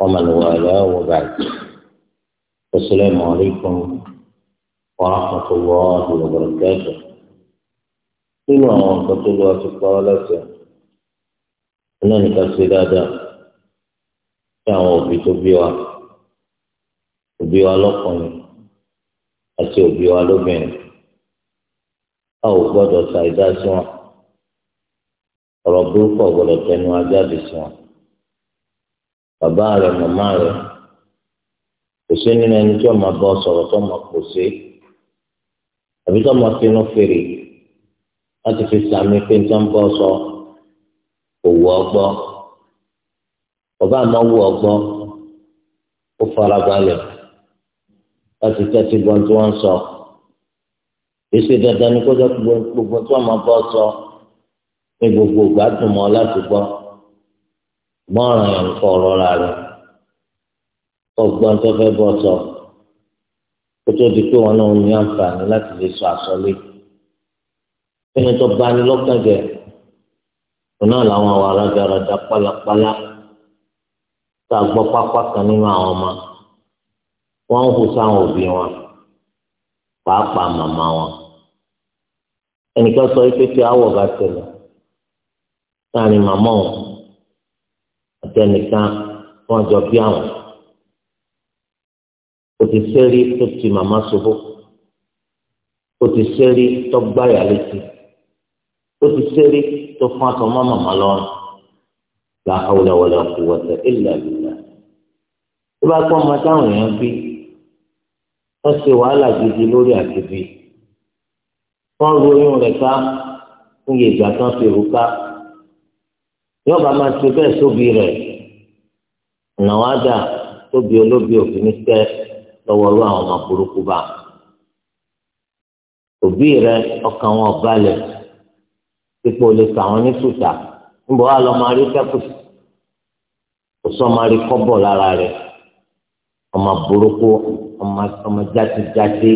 ومن والاه وبعد السلام عليكم ورحمة الله وبركاته إنه أنقذ الله سبحانه náà ní ká ṣe dáadáa sí àwọn òbí tó bí wa òbí wa lọ́kùnrin àti òbí wa lóbìnrin a ò gbọ́dọ̀ ṣàìdá sí wọn ọ̀rọ̀ burúkú ọ̀gbọ́dọ̀ tẹnu ajáde sí wọn bàbá rẹ̀ màmá rẹ̀ kò sí nínú ẹni tí ọmọ bọ́ sọ̀rọ̀ tó mọ̀ kò sí àbí tó mọ̀ sínú fèrè láti fi sàmì pé nǹkan bọ́ sọ kò wù ọ gbọ́ bàbá àmọ́ wù ọ gbọ́ ó fara balẹ̀ láti tẹ́tí gbọ́n tí wọ́n ń sọ èsì dandan ni kó jẹ́ gbogbo tí wọ́n máa bọ́ sọ ní gbogbo ìgbà láti gbọ́ mọ́ràn yẹn kọ́ ọ̀rọ̀ ra rẹ̀ ọgbọ́n tó fẹ́ bọ́ sọ kó tó di pé wọn náà ní àǹfààní láti lè sọ àsọlé ẹni tó bá ní lọ́kàn jẹ òun náà làwọn àwọn aradaràda pálapàla tá a gbọ́ pápá kan nínú àwọn ọmọ wọn ń hù sáwọn òbí wọn pàápàá màmá wọn ẹnìkan sọ pé tí àwọ̀ bá tẹ̀lé láàrin màmá wọn tẹnìkan wọn jọ bí àwọn kò ti sẹ́rí tó ti màmá ṣubú kò ti sẹ́rí tó gbáyà létí kò ti sẹ́rí tó fún aṣọ mọ́ màmá lọ́rùn la hawla wala quwwata illa billah tó bá pọ́ ọmọ táwọn èèyàn bí wọ́n ṣe wàhálà gidi lórí àtibí wọ́n ro oyún rẹ̀ ká fún iye tán fi rú ká yọba máa ṣe bẹ́ẹ̀ sóbi rẹ̀ ìnáwó àdá tóbi olóbi òfin ní tẹ́ lọ́wọ́ ọlọ́ àwọn ọmọ burúkú bá òbí rẹ ọkàn wọn balẹ̀ ipò lè sọ àwọn ní sùtà ńbọ wà lọ máa rí kẹkùsì kò sọ máa rí kọ́bọ̀ lára rẹ ọmọ burúkú ọmọ jáde-jáde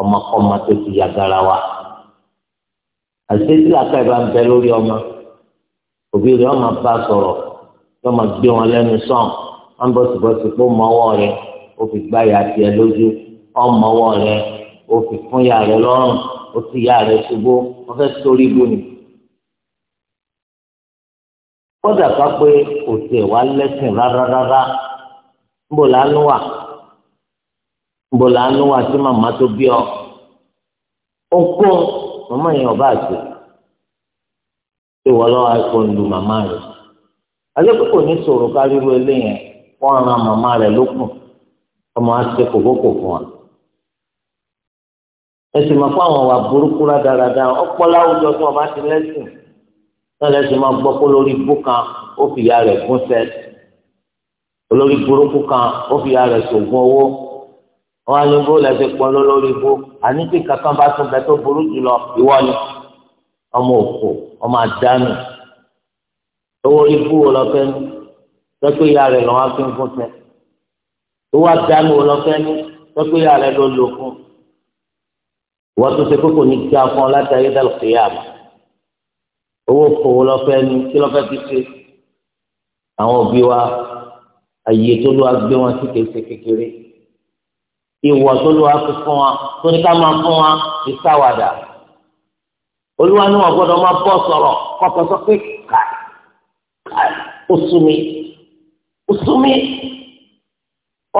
ọmọ kọ́mọ tó ti ya gara wa àṣetí làkà ìbá ń bẹ lórí ọmọ òbí rẹ ọmọ bá sọ̀rọ̀ yọmọ gbé wọn lẹ́nu sọ̀n wọn bọ̀sibọ̀sì pé mọ́wọ́ rẹ ó fi gbá ìyá tiẹ̀ lójú wọn mọ́wọ́ rẹ o fi fún ìyá rẹ lọ́rùn ó ti ìyá rẹ ṣubú wọn fẹ́ sórí ibú ni. kódà ká pé òtẹ̀ wá lẹ́sìn rárárárá ńbò lánú wà ńbò lánú wà sí màmá tó bí ọ ohunkóhun màmá yẹn ọba àti ìwọ lọ́wọ́ àìkú ń lu màmá rẹ̀ alẹ́kọ̀ọ́ ní sọ̀rọ̀ káríru eléyẹn fọ́nrán màmá rẹ̀ lókun ọmọ á ṣe kòkókò fún wa. ẹ sì máa fún àwọn wa burúkú rádaràda ọpọlọ àwùjọ tí wọn bá ti lẹ́sìn náà lẹ́sìn máa gbọ́ pé lórí ibú kan ó fi ìyá rẹ̀ gún sẹ́ olórí burúkú kan ó fi ìyá rẹ̀ ṣògùn owó wọn á ní bó lẹsẹ pọ lórí ibú àní tí kankan bá tún bẹ tó burú jùlọ ìwọ ni ọmọ òkú ọmọ àdánù owó ibú wo lọ fẹ́ ní tọ́pẹ́ ìyá rẹ̀ lọ́wọ́ fi ń fún tẹ owó àdánù ọlọ́fẹ́ ní tọ́pẹ́ ìyá rẹ̀ ló lò fún wọ́n tó ṣe kókò ní kí a fún ọ láti ayé dàlù kéèyà mọ́ owó fowó lọ́fẹ́ ní kí lọ́fẹ́ fi ṣe àwọn òbí wa àyè tó lọ́wọ́ gbé wọn sí kéṣe kékeré ìwọ tó lọ́wọ́ fi fún wa tó ní ká máa fún wa ní sáwàdà olúwa ni wọn gbọ́dọ̀ máa bọ́ sọ̀rọ̀ kọ́kọ́ sọ pé kàì kàì ó sú mi súnmí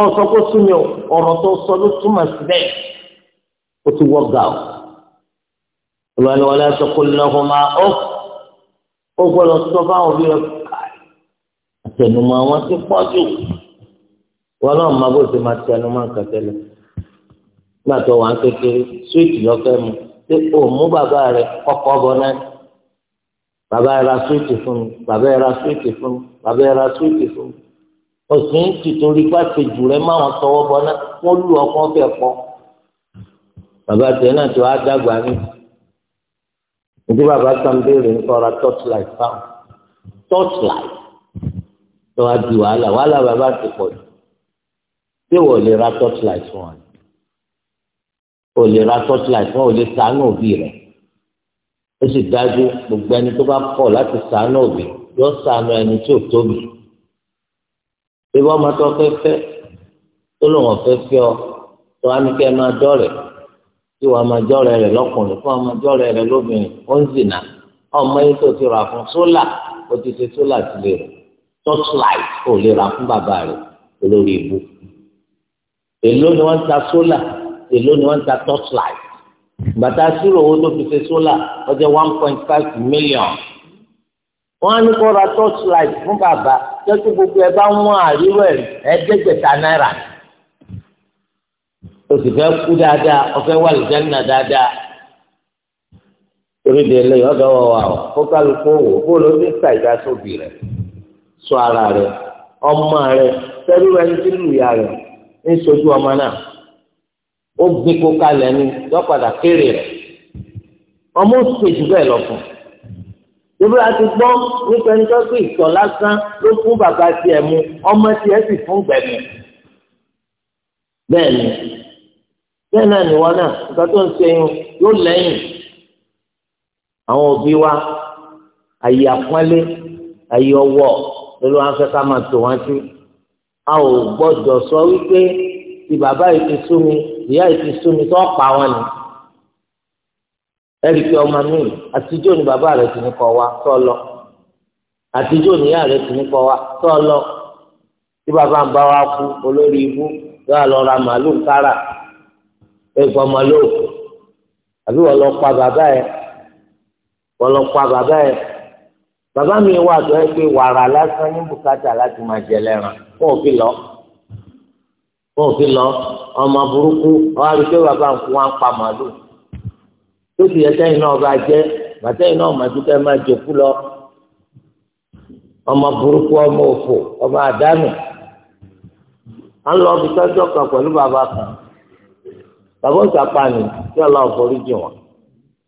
ọ̀sọ́ kó súnmí ọ̀rọ̀ tó sọ ló túmọ̀ síbẹ̀ ó ti wọ́ gà ó. olùwàlú wọlé aṣọ kò lọ́kọ̀ máa ọ́ ó gbọ́dọ̀ sọ báwọn bí rẹ káì àtẹnumọ́ wọn ti pọ̀ jù wọn náà máa bó ṣe máa tẹnumọ́ nǹkan tẹ́lẹ̀ nígbà tó wà ń kékeré súwìtì lọ́fẹ́ mu ṣé o mú bàbá rẹ kọ́kọ́ bọ náà bàbá ẹ ra súwìtì fún mi bàbá ẹ ra súwìtì fún mi bàbá ẹ ra fún mi òsì ń tìtorí pàṣẹ jù rẹ máwọn tọwọ́ bọ náà wọ́n lù ọkàn fẹ́ pọ̀ bàbá tẹ náà tó á dàgbà ní ìdí bàbá kan béèrè nípa torchlight fáwọn torchlight tó a di wàhálà wàhálà bàbá ti pọ̀ jù ṣé wò lè ra torchlight fún wọn ò lè ra torchlight fún wọn ò lè ṣàánú òbí rẹ̀ ó sì dájú gbogbo ẹni tó bá kọ̀ láti ṣàánú òbí yóò ṣàánú ẹni tí ò tóbi ebi ọmọ tó fẹ́ fẹ́ tó lò wọ́n fẹ́ fẹ́ ọ tó wá ní kẹ́ máa dọ́rẹ̀ tí wàá máa jọ́rẹ̀ rẹ̀ lọ́kùnrin fún ọmọ jọ́rẹ̀ rẹ̀ lóbìnrin ó ń zìnà ọmọ yìí tó ti rà fún sólà ó ti ṣe sólà ti lè rẹ̀ torchlight kò lè rà fún bàbá rẹ̀ olórí ìbú èló ni wọ́n ń ta sólà èló ni wọ́n ń ta torchlight bàtà sírò owó tó fi ṣe sólà ó jẹ́ one point five million. wọ́n á ní kó ra torch light fún bàbá tẹ́tí gbogbo ẹ bá wọ́n àríwẹ̀ ẹ̀ẹ́dẹ́gbẹ̀ta náírà o sì fẹ kú dáadáa ọ̀fẹ́ wà dáadáa torí de wà ó kó kálukú wò ó ní ṣàìdá sóbì sọ ara rẹ̀ ọmọ rẹ̀ sẹ́rí rẹ̀ ní sílù ìyá ní sojú ọmọ náà ó kó ní kéré ọmọ lọ fún un. ṣebí a ti gbọ́ nípa ẹni tó kó ìtọ̀ lásán ló fún bàbá tiẹ̀ mu ọmọ tiẹ̀ sì fún gbẹ̀mí. bẹ́ẹ̀ ni bẹ́ẹ̀ náà ni wọn náà nǹkan tó ń ṣe yín yóò lẹ́yìn àwọn òbí wa àyè àpọ́nlé àyè ọwọ́ pẹ̀lú wọn fẹ́ ká máa tò wọ́n sí. a ò gbọ́dọ̀ sọ wípé ti bàbá yìí ti sú mi ìyá yìí ti sú mi tó pa wọn ni ẹ̀rí pé ọmọ mi àtijọ́ ni bàbá rẹ̀ ti ní kọ́ wa tọ́ lọ àtijọ́ ni ìyá rẹ̀ ti ní kọ́ wa tọ́ lọ tí bàbá ń bá wa kú olórí ibú yóò lọ ra màálù kára ẹgbẹ́ ọmọ lóòkù àbí wọ́n lọ pa bàbá yẹ wọ́n lọ pa bàbá yẹ bàbá mi wà tó ẹ pé wàrà lásán ní bùkátà láti máa jẹ lẹ́ran fún òfin lọ fún òfin lọ ọmọ burúkú ọ̀hún pé bàbá ń kú wọn pa màálù tó sì yẹ sẹ́yìn náà bá jẹ́ bàtẹ́yìn náà màá dúkẹ́ máa jòkú lọ ọmọ burúkú ọmọ òfò ọmọ àdánù à ń lọ ibi tọ́jú ọkàn pẹ̀lú bàbá kan bàbá ń sàpá ni kí ọlọ́run forí jì wọ́n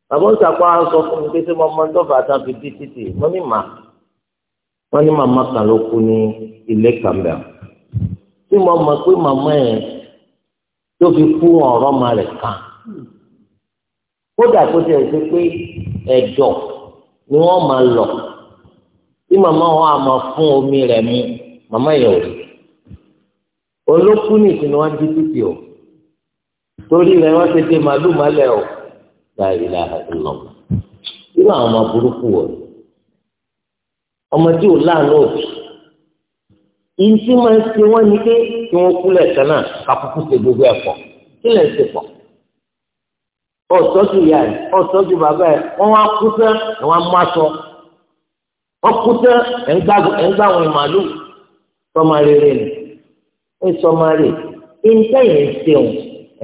bàbá ń sàpá sọ fún mi pé sẹ́ mo mọ ń dọ́fà tán fi dí títì mo ní mà wọ́n ní màmá kan ló kú ní ilé kàmbẹ́ tí mo mọ̀ pé màmá yẹn tó fi kú ọ̀rọ̀ ọmọ rẹ̀ kan kódà kó tẹ̀ ṣe pé ẹ̀dọ̀ ni wọ́n máa lọ tí màmá wọn á máa fún omi rẹ̀ mu màmá yẹn ò rí olókùn nìkan ni wọ́n di títì o torí rẹ̀ wọ́n ti dé màlúù mọ́lẹ̀ o láì láì lọ irú àwọn ọmọ burúkú wọ̀ ọmọ tí ò láàánú òbí ìyí tí wọ́n ń ṣe wọ́n ní pé kí wọ́n kú lẹ̀ sẹ́nà kakúkú ṣe gbogbo ẹ̀fọ́ kí lẹ̀ ń ṣe pọ̀ ọ̀sọ́jú ìyá rẹ̀ ọ̀sọ́jú bàbá rẹ̀ wọ́n wá kú tán ẹ̀ wọ́n á má sọ wọ́n kú tán ẹ̀ ń gbá àwọn ìmàlú sọmọ rere ni ẹ sọmọ rè é ń tẹ̀yìn ń ṣeun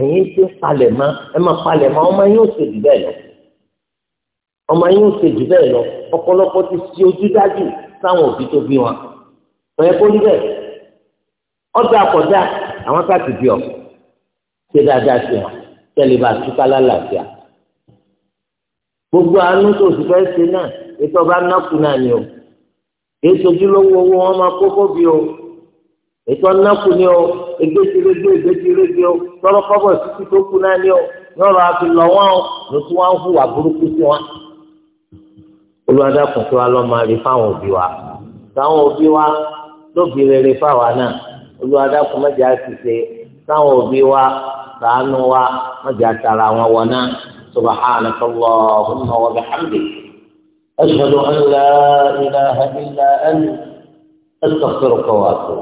ẹ̀yìn ń ṣe palẹ̀ mọ́ ẹ máa palẹ̀ mọ́ ọmọ yóò ṣe jù bẹ́ẹ̀ lọ ọmọ yóò ṣe jù bẹ́ẹ̀ lọ ọ̀pọ̀lọpọ̀ ti ṣe ojú dájú sáwọn òbí tó bí wọn ọ̀yẹ́ kó rí bẹ́ẹ̀ ọ̀dà àkọ́dà àwọn káàkiri bí ṣe dáadáa sí wọn tẹ́lẹ̀ bá túká lálàáfíà gbogbo àánú tó sì fẹ́ ṣe náà ètò ọba nákù náà ni o ètò ojúlówó owó wọn máa kókó bí o ètò nákù ni o egbèsirégé egbèsirégé o tọrọkọ́bọ̀ títí tó kù náà ni o lọ́rọ̀ àfi lọ wọn o ló tún wọn hùwà burúkú sí wọn. olùwádàkùn tó wá lọ máa rí fáwọn òbí wa táwọn òbí wa lóbi rere fáwa náà olùwádàkùn mẹ́jọ á sì ṣe táwọn òbí wa. sànù wa wọn jà tara wọn wọn náà subahana kọlọ ọhúnmọ wọn bẹ hàmdi ashhadu an la ilaha illa anta astaghfiruka wa atubu.